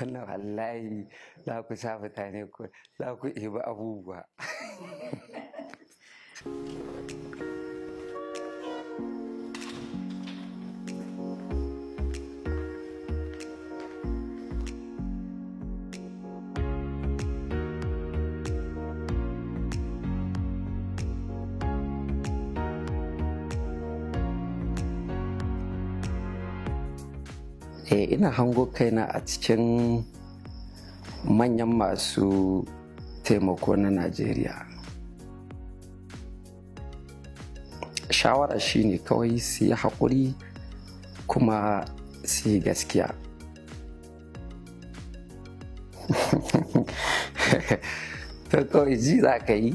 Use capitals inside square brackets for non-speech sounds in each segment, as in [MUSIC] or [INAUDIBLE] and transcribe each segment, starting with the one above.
wannan wallahi za ku sa mutane ku za ku ibi abubuwa [LAUGHS] eh ina hango kaina a cikin manyan masu taimako na najeriya shawara shine kawai su yi haƙuri kuma su yi gaskiya [LAUGHS] to kawai ji za ka yi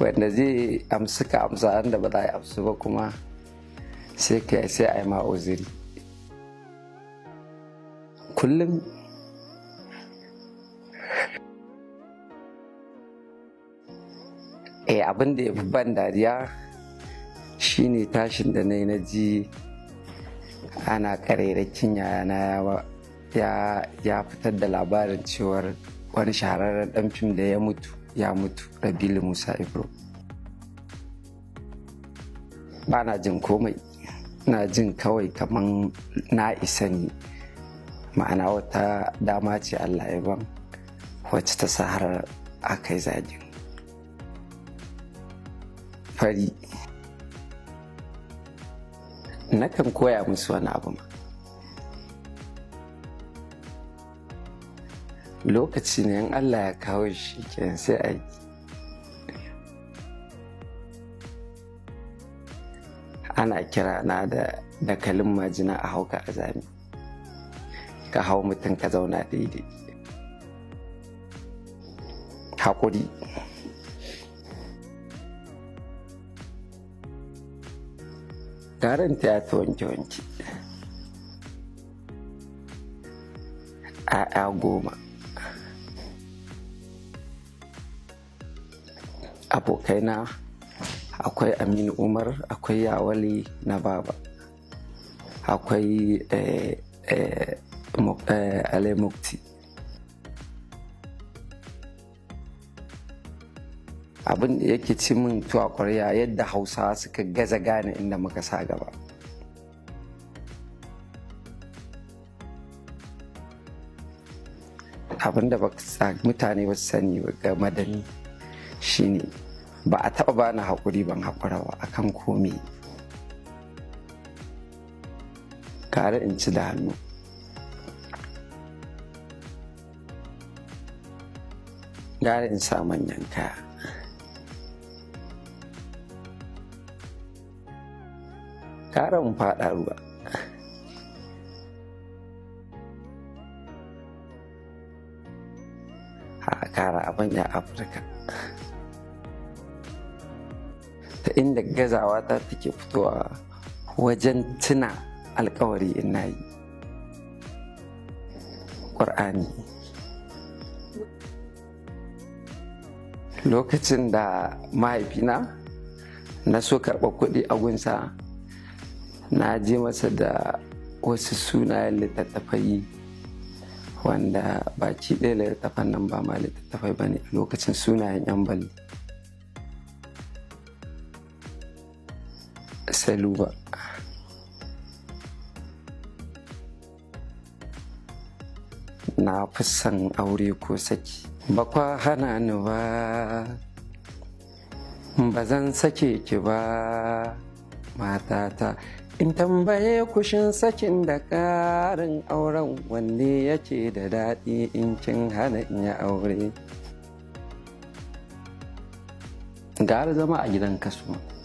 wanda zai amsu ka amsa da ba za a amsu ba kuma sai ka sai a yi ma'uziri kullum eh abin da ya fi ban dariya shine tashin da na yi na ji ana ƙararrakin yayana ya fitar da labarin cewar wani shahararren ɗan fim da ya mutu ya mutu rabilu musa ibro ba na jin komai na jin kawai kaman na isa ne ma'ana wata dama ce allah ya ban wacce ta sa har aka yi zagin fari nakan koya musu wani abu lokaci ne in allah ya kawo shi kenan sai a yi ana kira na da dakalin majina a hauka a zami ka hau mutum ka zauna daidai Hakuri. Karanta ya ta wanke-wanke ‘ya'ya goma abokaina akwai aminu umar akwai yawali na baba akwai eh, eh, عليه مقتي eh, abin da yake ci min tuwa ƙwarya yadda hausa suka gaza gane inda muka sa gaba abin da mutane ba su sani game da ni shine ba a taɓa bani haƙuri ban haƙura ba a kan komi kare in ci da hannu gara in sa manyan kaya gara in faɗa ruwa a kara abin ya afirka ta inda gazawa ta take fitowa wajen tuna alkawari ina yi ƙur'ani lokacin da mahaifina na so karɓa kuɗi a gunsa na je masa da wasu sunayen littattafai wanda baki ɗaya littattafan nan ba ma littattafai ba ne a lokacin sunayen yan bali saluba na fi son aure ko saki ba kwa hana ni ba ba zan sake ki ba matata in tambaye kushin sakin da ƙarin auren wanne yake da daɗi in kin hana in ya aure gara zama a gidan kasuwa.